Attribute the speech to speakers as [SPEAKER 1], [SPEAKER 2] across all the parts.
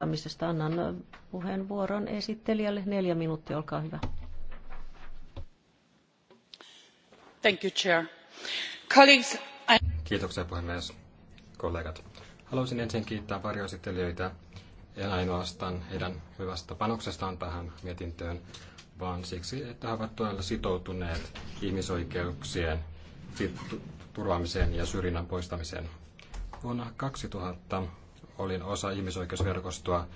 [SPEAKER 1] Amisesta annan puheenvuoron esittelijälle. Neljä minuuttia, olkaa hyvä.
[SPEAKER 2] Thank you, Chair.
[SPEAKER 1] Colleagues, I...
[SPEAKER 3] Kiitoksia puhemies, kollegat. Haluaisin ensin kiittää varjoesittelijöitä en ainoastaan heidän hyvästä panoksestaan tähän mietintöön, vaan siksi, että he ovat todella sitoutuneet ihmisoikeuksien turvaamiseen ja syrjinnän poistamiseen. Vuonna 2000 olin osa ihmisoikeusverkostoa,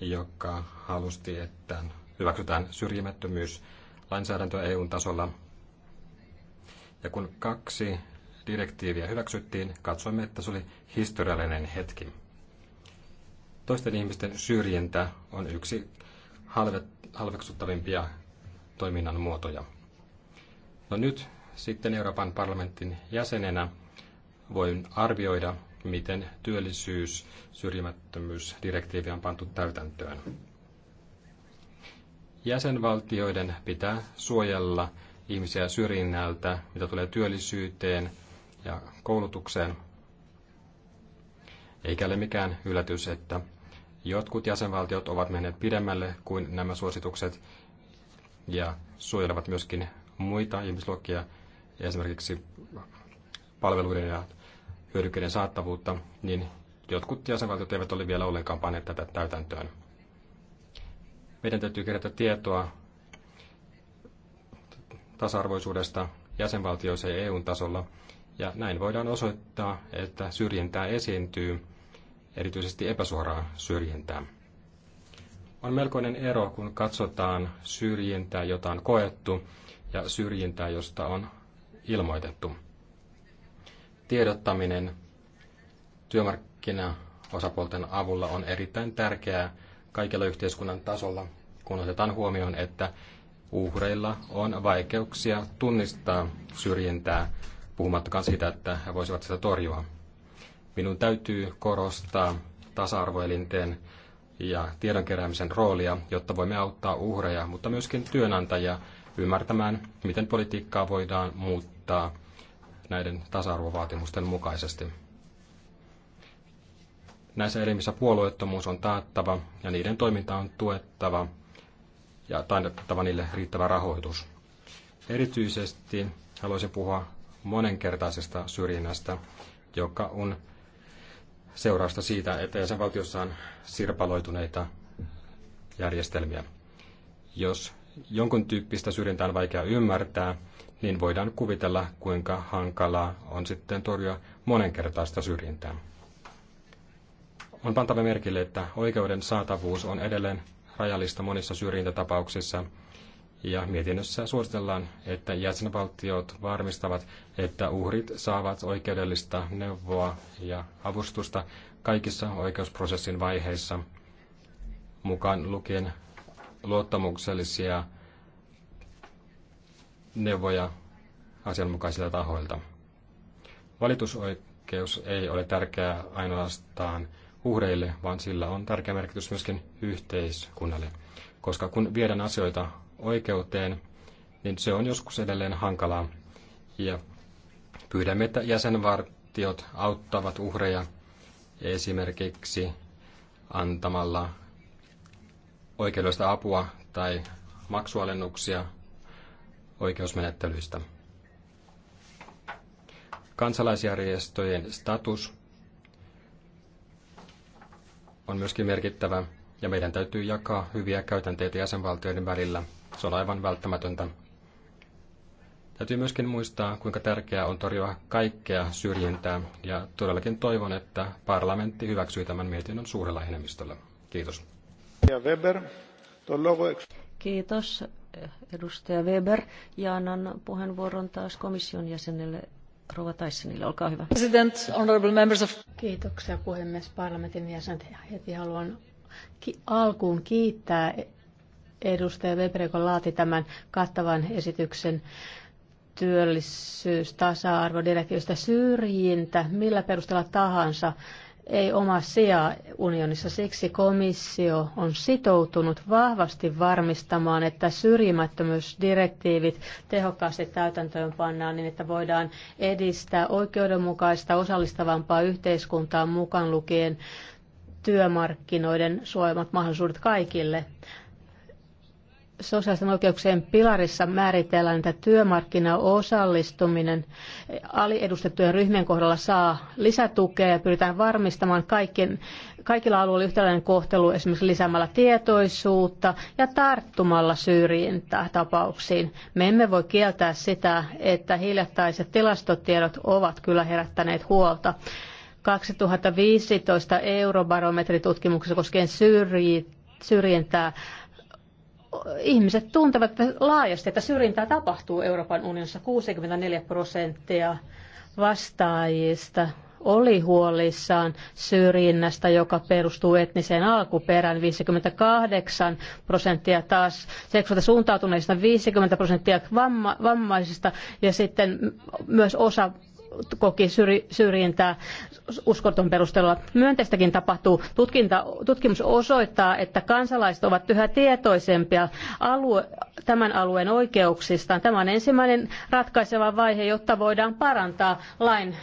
[SPEAKER 3] joka halusti, että hyväksytään syrjimättömyys lainsäädäntöä EUn tasolla. Ja kun kaksi direktiiviä hyväksyttiin, katsoimme, että se oli historiallinen hetki. Toisten ihmisten syrjintä on yksi halve, halveksuttavimpia toiminnan muotoja. No nyt sitten Euroopan parlamentin jäsenenä voin arvioida miten työllisyys- syrjimättömyysdirektiivi on pantu täytäntöön. Jäsenvaltioiden pitää suojella ihmisiä syrjinnältä, mitä tulee työllisyyteen ja koulutukseen. Eikä ole mikään yllätys, että jotkut jäsenvaltiot ovat menneet pidemmälle kuin nämä suositukset ja suojelevat myöskin muita ihmisluokkia, esimerkiksi palveluiden ja hyödykkeiden saattavuutta, niin jotkut jäsenvaltiot eivät ole vielä ollenkaan panneet tätä täytäntöön. Meidän täytyy kerätä tietoa tasa-arvoisuudesta jäsenvaltioissa ja EUn tasolla, ja näin voidaan osoittaa, että syrjintää esiintyy, erityisesti epäsuoraa syrjintää. On melkoinen ero, kun katsotaan syrjintää, jota on koettu, ja syrjintää, josta on ilmoitettu tiedottaminen työmarkkinaosapuolten avulla on erittäin tärkeää kaikilla yhteiskunnan tasolla, kun otetaan huomioon, että uhreilla on vaikeuksia tunnistaa syrjintää, puhumattakaan siitä, että he voisivat sitä torjua. Minun täytyy korostaa tasa-arvoelinten ja keräämisen roolia, jotta voimme auttaa uhreja, mutta myöskin työnantajia ymmärtämään, miten politiikkaa voidaan muuttaa – näiden tasa-arvovaatimusten mukaisesti. Näissä elimissä puolueettomuus on taattava ja niiden toiminta on tuettava ja taidettava niille riittävä rahoitus. Erityisesti haluaisin puhua monenkertaisesta syrjinnästä, joka on seurausta siitä, että jäsenvaltiossa on sirpaloituneita järjestelmiä. Jos jonkun tyyppistä syrjintää on vaikea ymmärtää, niin voidaan kuvitella, kuinka hankalaa on sitten torjua monenkertaista syrjintää. On pantava merkille, että oikeuden saatavuus on edelleen rajallista monissa syrjintätapauksissa, ja mietinnössä suositellaan, että jäsenvaltiot varmistavat, että uhrit saavat oikeudellista neuvoa ja avustusta kaikissa oikeusprosessin vaiheissa, mukaan lukien luottamuksellisia neuvoja asianmukaisilta tahoilta. Valitusoikeus ei ole tärkeää ainoastaan uhreille, vaan sillä on tärkeä merkitys myöskin yhteiskunnalle. Koska kun viedään asioita oikeuteen, niin se on joskus edelleen hankalaa. Ja pyydämme, että jäsenvartiot auttavat uhreja esimerkiksi antamalla oikeudellista apua tai maksualennuksia oikeusmenettelyistä. Kansalaisjärjestöjen status on myöskin merkittävä ja meidän täytyy jakaa hyviä käytänteitä jäsenvaltioiden välillä. Se on aivan välttämätöntä. Täytyy myöskin muistaa, kuinka tärkeää on torjua kaikkea syrjintää ja todellakin toivon, että parlamentti hyväksyy tämän mietinnön suurella enemmistöllä. Kiitos.
[SPEAKER 1] Kiitos edustaja Weber ja annan puheenvuoron taas komission jäsenelle Rova Tysonille. Olkaa hyvä. President, honorable members of...
[SPEAKER 2] Kiitoksia puhemies parlamentin jäsenet. Heti haluan ki- alkuun kiittää edustaja Weber, joka laati tämän kattavan esityksen työllisyys, tasa-arvo, direktiivistä syrjintä, millä perusteella tahansa ei oma sijaa unionissa. Siksi komissio on sitoutunut vahvasti varmistamaan, että syrjimättömyysdirektiivit tehokkaasti täytäntöön pannaan niin, että voidaan edistää oikeudenmukaista osallistavampaa yhteiskuntaa mukaan lukien työmarkkinoiden suojamat mahdollisuudet kaikille sosiaalisten oikeuksien pilarissa määritellään, että työmarkkinaosallistuminen aliedustettujen ryhmien kohdalla saa lisätukea ja pyritään varmistamaan kaikkien, kaikilla alueilla yhtäläinen kohtelu esimerkiksi lisäämällä tietoisuutta ja tarttumalla syrjintätapauksiin. Me emme voi kieltää sitä, että hiljattaiset tilastotiedot ovat kyllä herättäneet huolta. 2015 eurobarometritutkimuksessa koskien syrjintää ihmiset tuntevat laajasti, että syrjintää tapahtuu Euroopan unionissa. 64 prosenttia vastaajista oli huolissaan syrjinnästä, joka perustuu etniseen alkuperään. 58 prosenttia taas seksuaalista suuntautuneista, 50 prosenttia vamma- vammaisista ja sitten myös osa koki syrjintää uskonton perusteella. Myönteistäkin tapahtuu. Tutkinta, tutkimus osoittaa, että kansalaiset ovat yhä tietoisempia alue, tämän alueen oikeuksistaan. Tämä on ensimmäinen ratkaiseva vaihe, jotta voidaan parantaa lain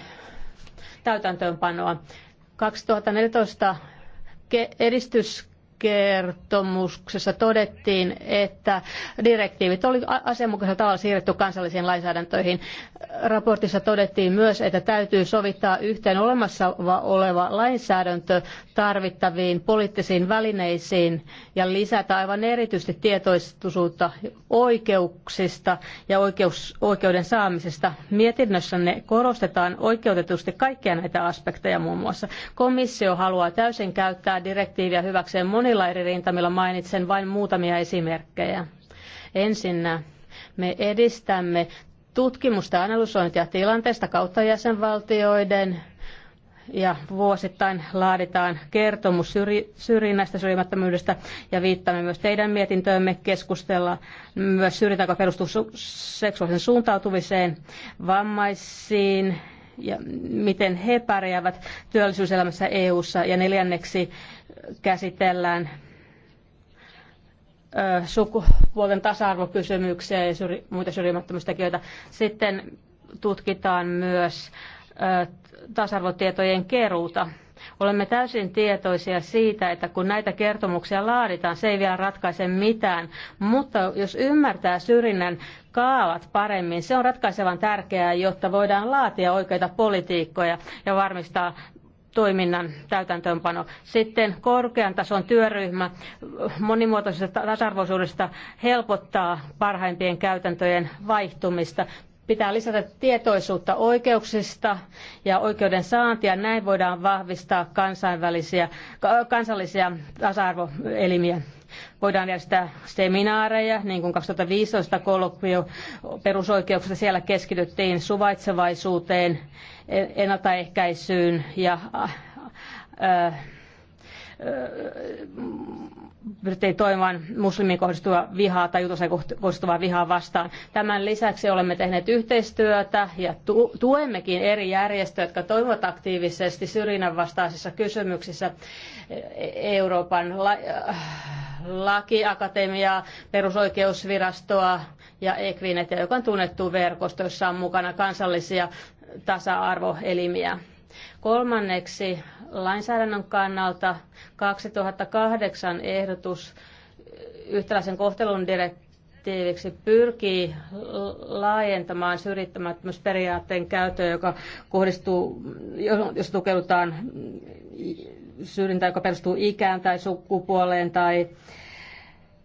[SPEAKER 2] täytäntöönpanoa. 2014 edistys kertomuksessa todettiin, että direktiivit oli asianmukaisella tavalla siirretty kansallisiin lainsäädäntöihin. Raportissa todettiin myös, että täytyy sovittaa yhteen olemassa oleva lainsäädäntö tarvittaviin poliittisiin välineisiin ja lisätä aivan erityisesti tietoisuutta oikeuksista ja oikeus, oikeuden saamisesta. ne korostetaan oikeutetusti kaikkia näitä aspekteja muun muassa. Komissio haluaa täysin käyttää direktiiviä hyväkseen moni- monilla eri rintamilla. Mainitsen vain muutamia esimerkkejä. Ensinnä me edistämme tutkimusta ja analysointia tilanteesta kautta jäsenvaltioiden ja vuosittain laaditaan kertomus syrjinnästä, syrjimättömyydestä ja viittaamme myös teidän mietintöömme keskustella myös syrjintää, joka perustuu seksuaalisen suuntautumiseen, vammaisiin ja miten he pärjäävät työllisyyselämässä EU-ssa ja neljänneksi käsitellään sukupuolten tasa-arvokysymyksiä ja muita syrjimättömyystekijöitä. Sitten tutkitaan myös tasa-arvotietojen keruuta. Olemme täysin tietoisia siitä, että kun näitä kertomuksia laaditaan, se ei vielä ratkaise mitään. Mutta jos ymmärtää syrjinnän kaavat paremmin, se on ratkaisevan tärkeää, jotta voidaan laatia oikeita politiikkoja ja varmistaa toiminnan täytäntöönpano. Sitten korkean tason työryhmä monimuotoisesta tasa-arvoisuudesta helpottaa parhaimpien käytäntöjen vaihtumista pitää lisätä tietoisuutta oikeuksista ja oikeuden saantia. Näin voidaan vahvistaa kansainvälisiä, kansallisia tasa-arvoelimiä. Voidaan järjestää seminaareja, niin kuin 2015 kolokvio perusoikeuksista. Siellä keskityttiin suvaitsevaisuuteen, ennaltaehkäisyyn ja äh, äh, pyrittiin toimimaan muslimiin kohdistuvaa vihaa tai juutalaiseen kohdistuvaa vihaa vastaan. Tämän lisäksi olemme tehneet yhteistyötä ja tu- tuemmekin eri järjestöjä, jotka toimivat aktiivisesti syrjinnän vastaisissa kysymyksissä e-, Euroopan la- äh, lakiakatemiaa, perusoikeusvirastoa ja Equinetia, joka on tunnettu verkosto, jossa on mukana kansallisia tasa-arvoelimiä. Kolmanneksi lainsäädännön kannalta 2008 ehdotus yhtäläisen kohtelun direktiiviksi pyrkii laajentamaan syrjittämättömyysperiaatteen käyttöä, joka kohdistuu, jos tukeudutaan syrjintään, joka perustuu ikään tai sukupuoleen tai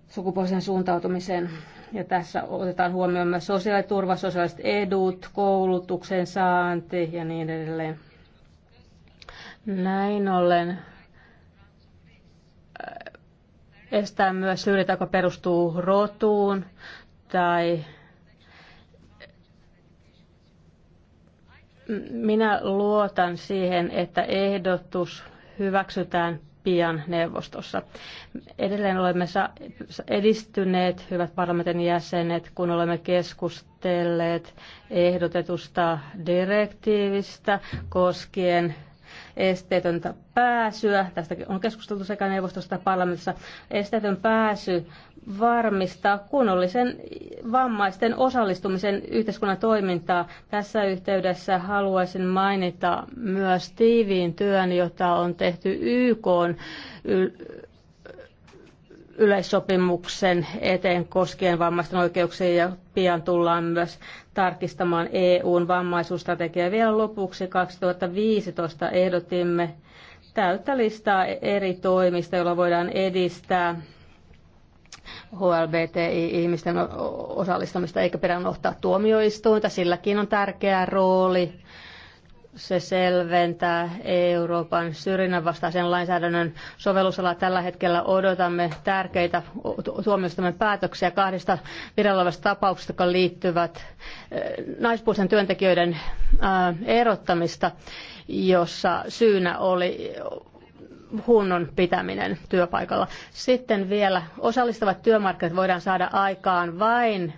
[SPEAKER 2] sukupuoliseen suuntautumiseen. Ja tässä otetaan huomioon myös sosiaaliturva, sosiaaliset edut, koulutuksen saanti ja niin edelleen. Näin ollen äh, estää myös syrjintä, joka perustuu rotuun tai minä luotan siihen, että ehdotus hyväksytään pian neuvostossa. Edelleen olemme edistyneet, hyvät parlamentin jäsenet, kun olemme keskustelleet ehdotetusta direktiivistä koskien esteetöntä pääsyä. Tästäkin on keskusteltu sekä neuvostosta että parlamentissa. Esteetön pääsy varmistaa kunnollisen vammaisten osallistumisen yhteiskunnan toimintaa. Tässä yhteydessä haluaisin mainita myös tiiviin työn, jota on tehty YK yleissopimuksen eteen koskien vammaisten oikeuksia ja pian tullaan myös tarkistamaan EUn vammaisuusstrategiaa. Vielä lopuksi 2015 ehdotimme täyttä listaa eri toimista, joilla voidaan edistää HLBTI-ihmisten osallistamista eikä pidä ottaa tuomioistuinta. Silläkin on tärkeä rooli se selventää Euroopan syrjinnän vastaisen lainsäädännön sovellusalaa. Tällä hetkellä odotamme tärkeitä tuomioistuimen päätöksiä kahdesta virallisesta tapauksesta, jotka liittyvät eh, naispuolisen työntekijöiden eh, erottamista, jossa syynä oli hunnon pitäminen työpaikalla. Sitten vielä osallistavat työmarkkinat voidaan saada aikaan vain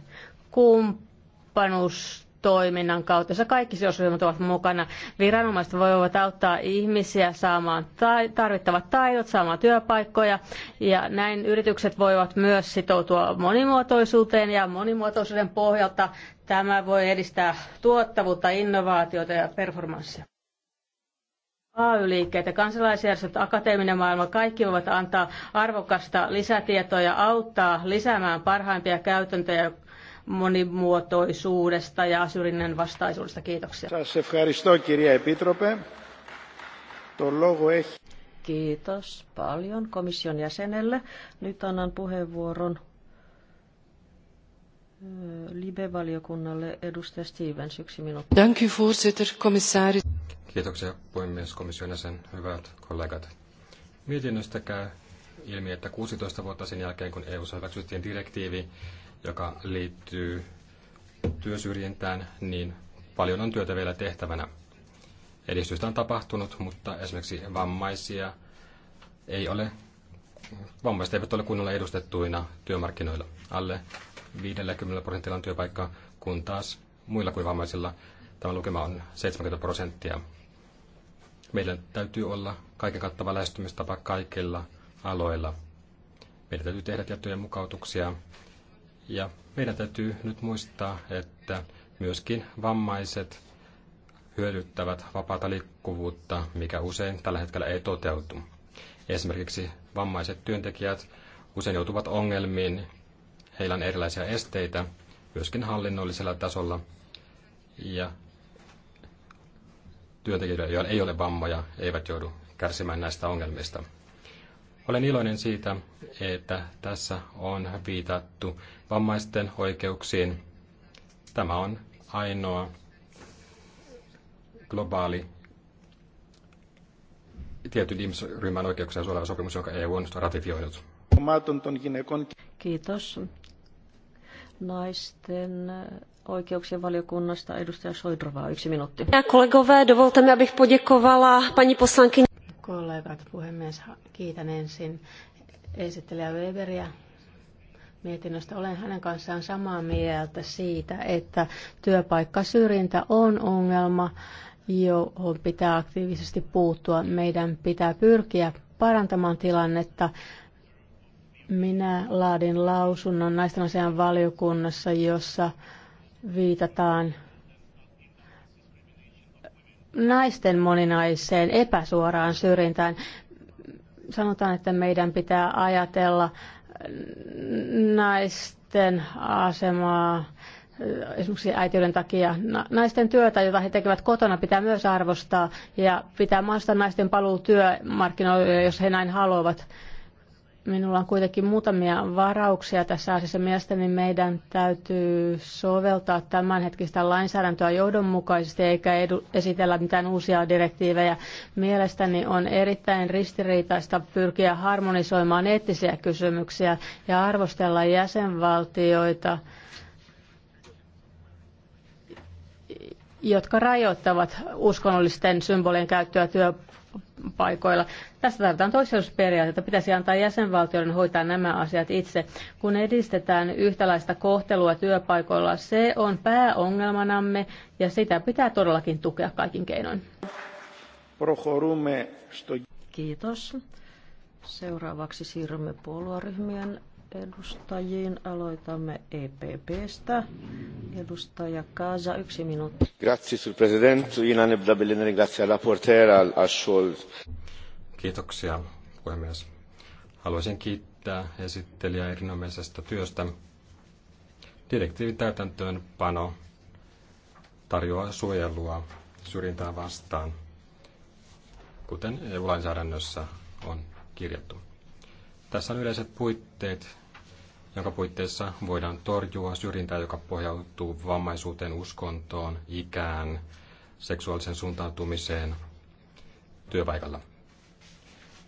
[SPEAKER 2] kumppanuus toiminnan kautta, jossa kaikki sidosryhmät ovat mukana. Viranomaiset voivat auttaa ihmisiä saamaan tarvittavat taidot, saamaan työpaikkoja ja näin yritykset voivat myös sitoutua monimuotoisuuteen ja monimuotoisuuden pohjalta tämä voi edistää tuottavuutta, innovaatiota ja performanssia. AY-liikkeet ja kansalaisjärjestöt, akateeminen maailma, kaikki voivat antaa arvokasta lisätietoa ja auttaa lisäämään parhaimpia käytäntöjä monimuotoisuudesta ja syrjinnän vastaisuudesta. Kiitoksia.
[SPEAKER 1] Kiitos paljon komission jäsenelle. Nyt annan puheenvuoron Libe-valiokunnalle edustaja Stevens, yksi minuutti.
[SPEAKER 3] Kiitoksia puhemies, komission jäsen, hyvät kollegat. Mietinnöstä käy ilmi, että 16 vuotta sen jälkeen, kun EU hyväksyttiin direktiivi joka liittyy työsyrjintään, niin paljon on työtä vielä tehtävänä. Edistystä on tapahtunut, mutta esimerkiksi vammaisia ei ole, vammaiset eivät ole kunnolla edustettuina työmarkkinoilla. Alle 50 prosentilla on työpaikka, kun taas muilla kuin vammaisilla tämä lukema on 70 prosenttia. Meillä täytyy olla kaiken kattava lähestymistapa kaikilla aloilla. Meidän täytyy tehdä tiettyjä mukautuksia ja meidän täytyy nyt muistaa, että myöskin vammaiset hyödyttävät vapaata liikkuvuutta, mikä usein tällä hetkellä ei toteutu. Esimerkiksi vammaiset työntekijät usein joutuvat ongelmiin, heillä on erilaisia esteitä, myöskin hallinnollisella tasolla, ja työntekijöillä, joilla ei ole vammoja, eivät joudu kärsimään näistä ongelmista. Olen iloinen siitä, että tässä on viitattu vammaisten oikeuksiin. Tämä on ainoa globaali tietyn ihmisryhmän oikeuksia suojeleva sopimus, jonka EU on ratifioinut.
[SPEAKER 1] Kiitos. Naisten oikeuksien valiokunnasta edustaja Soidrová, yksi minuutti. Kollegové, dovolte mi, abych
[SPEAKER 2] poděkovala paní poslankyni. Kollegat, puhemies, kiitän ensin esittelijä Weberiä mietinnöstä. Olen hänen kanssaan samaa mieltä siitä, että työpaikkasyrjintä on ongelma, johon pitää aktiivisesti puuttua. Meidän pitää pyrkiä parantamaan tilannetta. Minä laadin lausunnon naisten asian valiokunnassa, jossa viitataan naisten moninaiseen epäsuoraan syrjintään. Sanotaan, että meidän pitää ajatella naisten asemaa esimerkiksi äitiyden takia. Naisten työtä, jota he tekevät kotona, pitää myös arvostaa ja pitää maasta naisten paluu työmarkkinoille, jos he näin haluavat. Minulla on kuitenkin muutamia varauksia tässä asiassa. Mielestäni meidän täytyy soveltaa tämänhetkistä lainsäädäntöä johdonmukaisesti eikä edu- esitellä mitään uusia direktiivejä. Mielestäni on erittäin ristiriitaista pyrkiä harmonisoimaan eettisiä kysymyksiä ja arvostella jäsenvaltioita, jotka rajoittavat uskonnollisten symbolien käyttöä työ paikoilla. Tässä tarvitaan että Pitäisi antaa jäsenvaltioiden hoitaa nämä asiat itse. Kun edistetään yhtälaista kohtelua työpaikoilla, se on pääongelmanamme ja sitä pitää todellakin tukea kaikin keinoin.
[SPEAKER 1] Kiitos. Seuraavaksi siirrymme puolueryhmien edustajiin. Aloitamme EPPstä. Edustaja Kaasa, yksi minuutti.
[SPEAKER 3] Grazie, sul president. Inanebdabellinen ringrazia raportera al Kiitoksia, puhemies. Haluaisin kiittää esittelijää erinomaisesta työstä. Direktiivin täytäntöönpano tarjoaa suojelua syrjintää vastaan, kuten EU-lainsäädännössä on kirjattu. Tässä on yleiset puitteet jonka puitteissa voidaan torjua syrjintää, joka pohjautuu vammaisuuteen, uskontoon, ikään, seksuaalisen suuntautumiseen työpaikalla.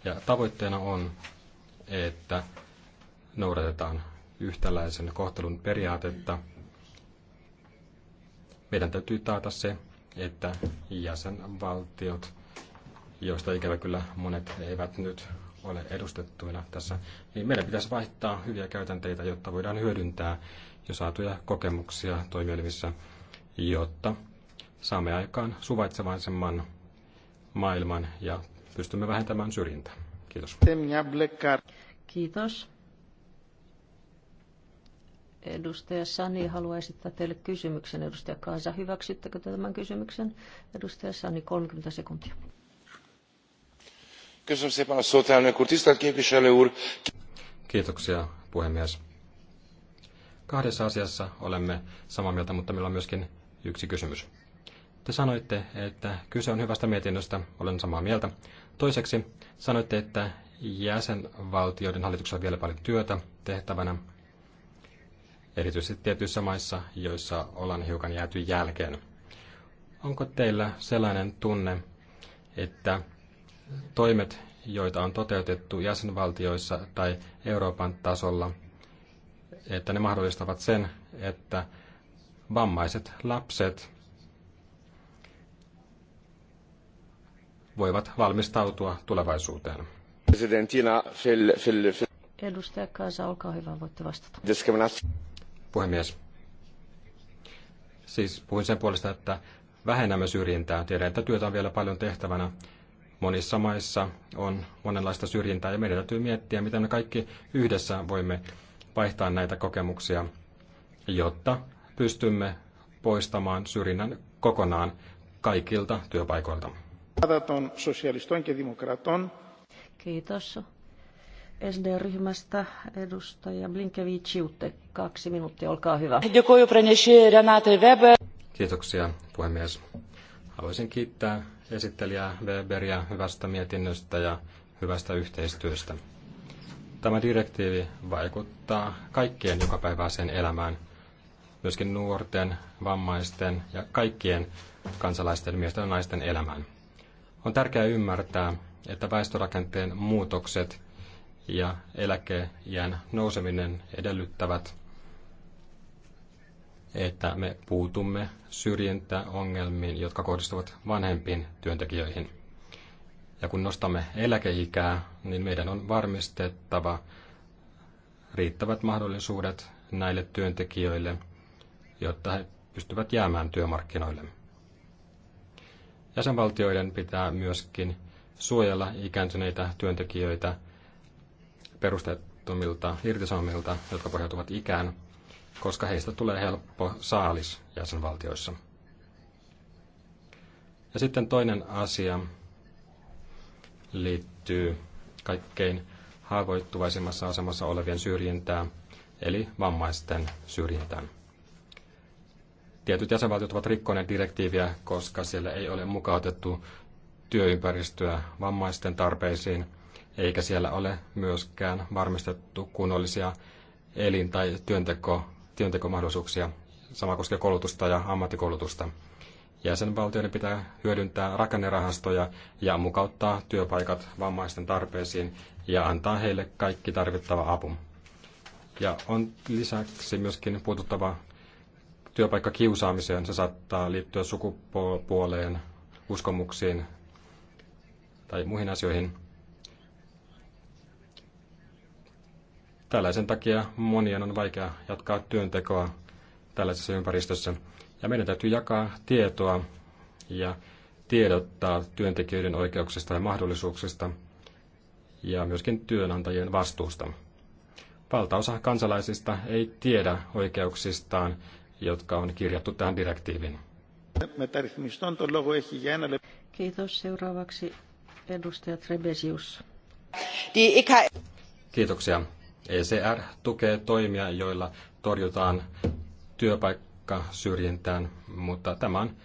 [SPEAKER 3] Ja tavoitteena on, että noudatetaan yhtäläisen kohtelun periaatetta. Meidän täytyy taata se, että jäsenvaltiot, joista ikävä kyllä monet eivät nyt ole edustettuina tässä, niin meidän pitäisi vaihtaa hyviä käytänteitä, jotta voidaan hyödyntää jo saatuja kokemuksia toimielimissä, jotta saamme aikaan suvaitsevaisemman maailman ja pystymme vähentämään syrjintää. Kiitos.
[SPEAKER 1] Kiitos. Edustaja Sani haluaa esittää teille kysymyksen. Edustaja Kaisa, hyväksyttekö tämän kysymyksen? Edustaja Sani, 30 sekuntia.
[SPEAKER 3] Kiitoksia, puhemies. Kahdessa asiassa olemme samaa mieltä, mutta meillä on myöskin yksi kysymys. Te sanoitte, että kyse on hyvästä mietinnöstä, olen samaa mieltä. Toiseksi sanoitte, että jäsenvaltioiden hallituksella on vielä paljon työtä tehtävänä, erityisesti tietyissä maissa, joissa ollaan hiukan jääty jälkeen. Onko teillä sellainen tunne, että toimet, joita on toteutettu jäsenvaltioissa tai Euroopan tasolla, että ne mahdollistavat sen, että vammaiset lapset voivat valmistautua tulevaisuuteen.
[SPEAKER 1] Edustaja Kaisa, olkaa hyvä, voitte vastata.
[SPEAKER 3] Puhemies. Siis puhuin sen puolesta, että vähennämme syrjintää. Tiedän, että työtä on vielä paljon tehtävänä, Monissa maissa on monenlaista syrjintää ja meidän täytyy miettiä, miten me kaikki yhdessä voimme vaihtaa näitä kokemuksia, jotta pystymme poistamaan syrjinnän kokonaan kaikilta työpaikoilta.
[SPEAKER 1] Kiitos. SD-ryhmästä edustaja Blinkevičiute, kaksi minuuttia, olkaa hyvä.
[SPEAKER 3] Kiitoksia, puhemies. Haluaisin kiittää esittelijää Weberia hyvästä mietinnöstä ja hyvästä yhteistyöstä. Tämä direktiivi vaikuttaa kaikkien jokapäiväiseen elämään, myöskin nuorten, vammaisten ja kaikkien kansalaisten, miesten ja naisten elämään. On tärkeää ymmärtää, että väestörakenteen muutokset ja eläkeiän nouseminen edellyttävät että me puutumme syrjintäongelmiin, jotka kohdistuvat vanhempiin työntekijöihin. Ja kun nostamme eläkeikää, niin meidän on varmistettava riittävät mahdollisuudet näille työntekijöille, jotta he pystyvät jäämään työmarkkinoille. Jäsenvaltioiden pitää myöskin suojella ikääntyneitä työntekijöitä perusteettomilta irtisanomilta, jotka pohjautuvat ikään – koska heistä tulee helppo saalis jäsenvaltioissa. Ja sitten toinen asia liittyy kaikkein haavoittuvaisimmassa asemassa olevien syrjintään, eli vammaisten syrjintään. Tietyt jäsenvaltiot ovat rikkoneet direktiiviä, koska siellä ei ole mukautettu työympäristöä vammaisten tarpeisiin, eikä siellä ole myöskään varmistettu kunnollisia elin- tai työnteko työntekomahdollisuuksia. Sama koskee koulutusta ja ammattikoulutusta. Jäsenvaltioiden pitää hyödyntää rakennerahastoja ja mukauttaa työpaikat vammaisten tarpeisiin ja antaa heille kaikki tarvittava apu. Ja on lisäksi myöskin puututtava työpaikkakiusaamiseen. Se saattaa liittyä sukupuoleen, uskomuksiin tai muihin asioihin. Tällaisen takia monien on vaikea jatkaa työntekoa tällaisessa ympäristössä. Ja meidän täytyy jakaa tietoa ja tiedottaa työntekijöiden oikeuksista ja mahdollisuuksista ja myöskin työnantajien vastuusta. Valtaosa kansalaisista ei tiedä oikeuksistaan, jotka on kirjattu tähän direktiiviin.
[SPEAKER 1] Kiitos. Seuraavaksi edustaja Trebesius.
[SPEAKER 3] Kiitoksia. ECR tukee toimia, joilla torjutaan työpaikkasyrjintään, mutta tämä on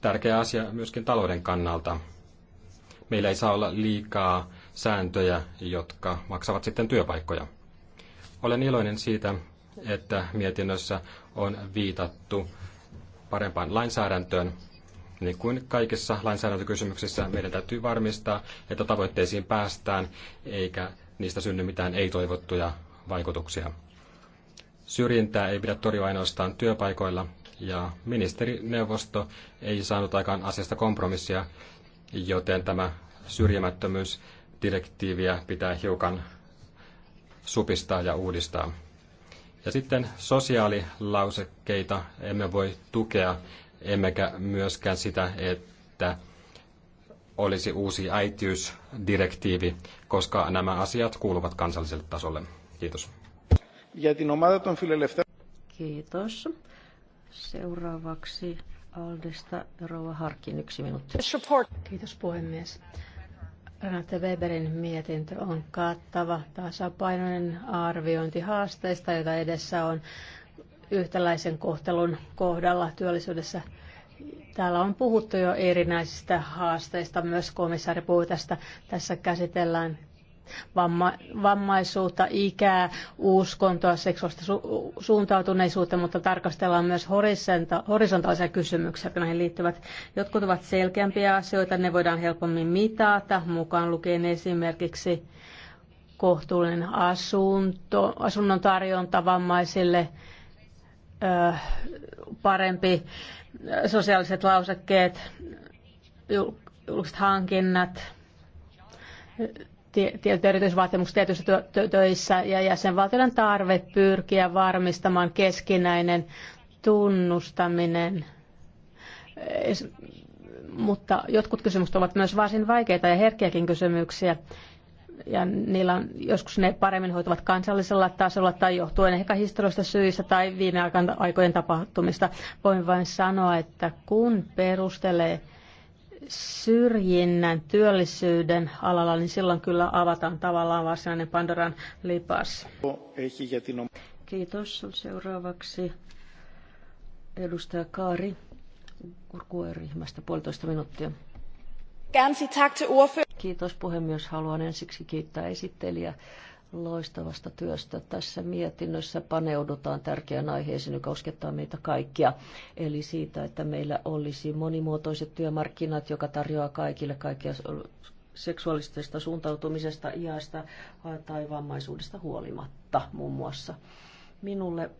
[SPEAKER 3] tärkeä asia myöskin talouden kannalta. Meillä ei saa olla liikaa sääntöjä, jotka maksavat sitten työpaikkoja. Olen iloinen siitä, että mietinnössä on viitattu parempaan lainsäädäntöön. Niin kuin kaikissa lainsäädäntökysymyksissä meidän täytyy varmistaa, että tavoitteisiin päästään, eikä niistä synny mitään ei-toivottuja vaikutuksia. Syrjintää ei pidä torjua ainoastaan työpaikoilla, ja ministerineuvosto ei saanut aikaan asiasta kompromissia, joten tämä syrjimättömyysdirektiiviä pitää hiukan supistaa ja uudistaa. Ja sitten sosiaalilausekkeita emme voi tukea, emmekä myöskään sitä, että olisi uusi äitiysdirektiivi, koska nämä asiat kuuluvat kansalliselle tasolle. Kiitos.
[SPEAKER 1] Kiitos. Seuraavaksi Aldesta Rouva Harkin yksi minuutti. Kiitos puhemies.
[SPEAKER 2] Renate Weberin mietintö on kattava, tasapainoinen arviointi haasteista, joita edessä on yhtäläisen kohtelun kohdalla työllisyydessä – Täällä on puhuttu jo erinäisistä haasteista, myös komissaari puhui tästä. Tässä käsitellään vamma, vammaisuutta, ikää, uskontoa, seksuaalista su- suuntautuneisuutta, mutta tarkastellaan myös horisonta- horisontaalisia kysymyksiä, jotka näihin liittyvät. Jotkut ovat selkeämpiä asioita, ne voidaan helpommin mitata, mukaan lukien esimerkiksi kohtuullinen asunto, asunnon tarjonta vammaisille, parempi sosiaaliset lausekkeet, julkiset hankinnat, tietyt erityisvaatimukset tietyissä töissä ja jäsenvaltioiden tarve pyrkiä varmistamaan keskinäinen tunnustaminen. Mutta jotkut kysymykset ovat myös varsin vaikeita ja herkkiäkin kysymyksiä ja niillä on, joskus ne paremmin hoituvat kansallisella tasolla tai johtuen ehkä historiallisista syistä tai viime aikojen tapahtumista. Voin vain sanoa, että kun perustelee syrjinnän työllisyyden alalla, niin silloin kyllä avataan tavallaan varsinainen Pandoran lipas.
[SPEAKER 1] Kiitos. Seuraavaksi edustaja Kaari, ryhmästä puolitoista minuuttia. Kiitos puhemies. Haluan ensiksi kiittää esittelijä loistavasta työstä. Tässä mietinnössä paneudutaan tärkeään aiheeseen, joka koskettaa meitä kaikkia. Eli siitä, että meillä olisi monimuotoiset työmarkkinat, joka tarjoaa kaikille kaikkia seksuaalisesta suuntautumisesta, iästä tai vammaisuudesta huolimatta muun muassa. Minulle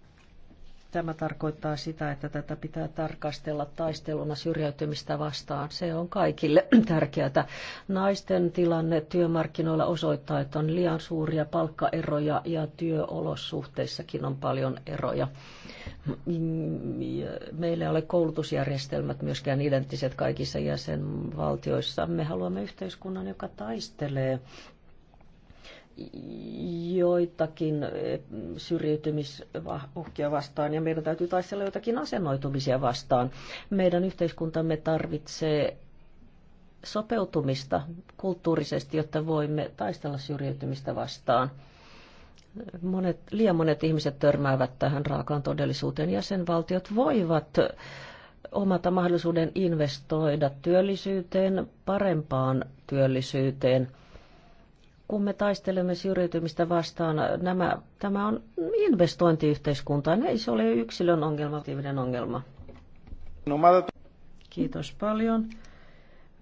[SPEAKER 1] Tämä tarkoittaa sitä, että tätä pitää tarkastella taisteluna syrjäytymistä vastaan. Se on kaikille tärkeää. Naisten tilanne työmarkkinoilla osoittaa, että on liian suuria palkkaeroja ja työolosuhteissakin on paljon eroja. Meillä ei ole koulutusjärjestelmät myöskään identtiset kaikissa jäsenvaltioissa. Me haluamme yhteiskunnan, joka taistelee joitakin eh, syrjäytymisuhkia vastaan ja meidän täytyy taistella joitakin asennoitumisia vastaan. Meidän yhteiskuntamme tarvitsee sopeutumista kulttuurisesti, jotta voimme taistella syrjäytymistä vastaan. Monet, liian monet ihmiset törmäävät tähän raakaan todellisuuteen. Jäsenvaltiot voivat omata mahdollisuuden investoida työllisyyteen, parempaan työllisyyteen – kun me taistelemme syrjäytymistä vastaan, nämä, tämä on investointi yhteiskuntaan. Ei se ole yksilön ongelma, aktiivinen ongelma. Kiitos paljon.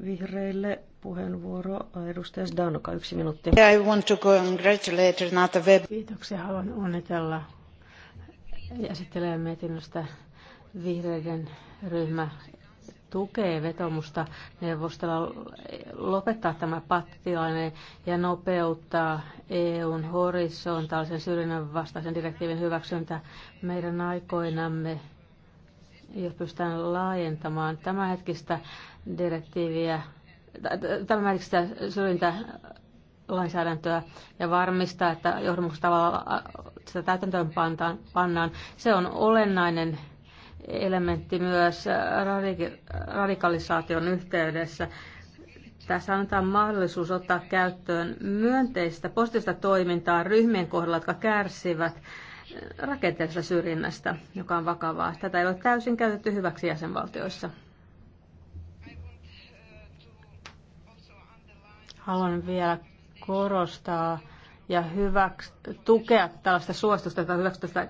[SPEAKER 1] Vihreille puheenvuoro edustaja Danuka, yksi minuutti.
[SPEAKER 2] I want to congratulate Renata Web. Kiitoksia, haluan onnitella esittelee mietinnöstä vihreiden ryhmä tukee vetomusta neuvostolla lopettaa tämä pattitilanne ja nopeuttaa EUn horisontaalisen syrjinnän vastaisen direktiivin hyväksyntä meidän aikoinamme, jos pystytään laajentamaan tämänhetkistä direktiiviä, tämänhetkistä syrjintä lainsäädäntöä ja varmistaa, että johdonmukaisella tavalla sitä täytäntöön pannaan. Se on olennainen elementti myös radikalisaation yhteydessä. Tässä annetaan mahdollisuus ottaa käyttöön myönteistä, positiivista toimintaa ryhmien kohdalla, jotka kärsivät rakenteellisesta syrjinnästä, joka on vakavaa. Tätä ei ole täysin käytetty hyväksi jäsenvaltioissa. Haluan vielä korostaa ja hyväks, tukea tällaista suostusta, että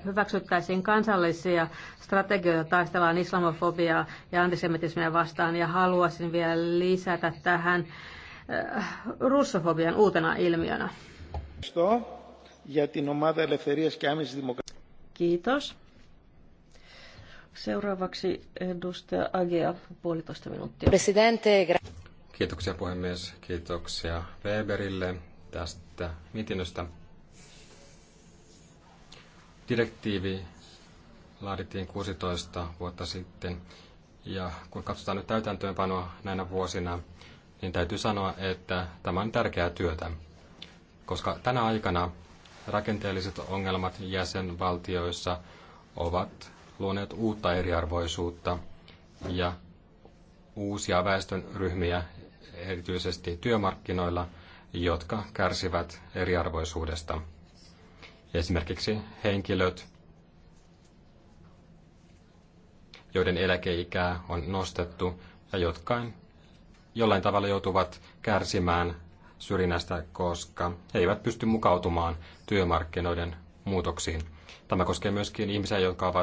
[SPEAKER 2] hyväksyttäisiin kansallisia strategioita taistellaan islamofobiaa ja antisemitismiä vastaan. Ja haluaisin vielä lisätä tähän äh, russofobian uutena ilmiönä.
[SPEAKER 1] Kiitos. Seuraavaksi edustaja Agea, puolitoista minuuttia. Presidente,
[SPEAKER 3] Kiitoksia puhemies, kiitoksia Weberille tästä tästä mietinnöstä. Direktiivi laadittiin 16 vuotta sitten, ja kun katsotaan nyt täytäntöönpanoa näinä vuosina, niin täytyy sanoa, että tämä on tärkeää työtä, koska tänä aikana rakenteelliset ongelmat jäsenvaltioissa ovat luoneet uutta eriarvoisuutta ja uusia väestönryhmiä erityisesti työmarkkinoilla – jotka kärsivät eriarvoisuudesta. Esimerkiksi henkilöt, joiden eläkeikää on nostettu ja jotka jollain tavalla joutuvat kärsimään syrjinnästä, koska he eivät pysty mukautumaan työmarkkinoiden muutoksiin. Tämä koskee myöskin ihmisiä, jotka ovat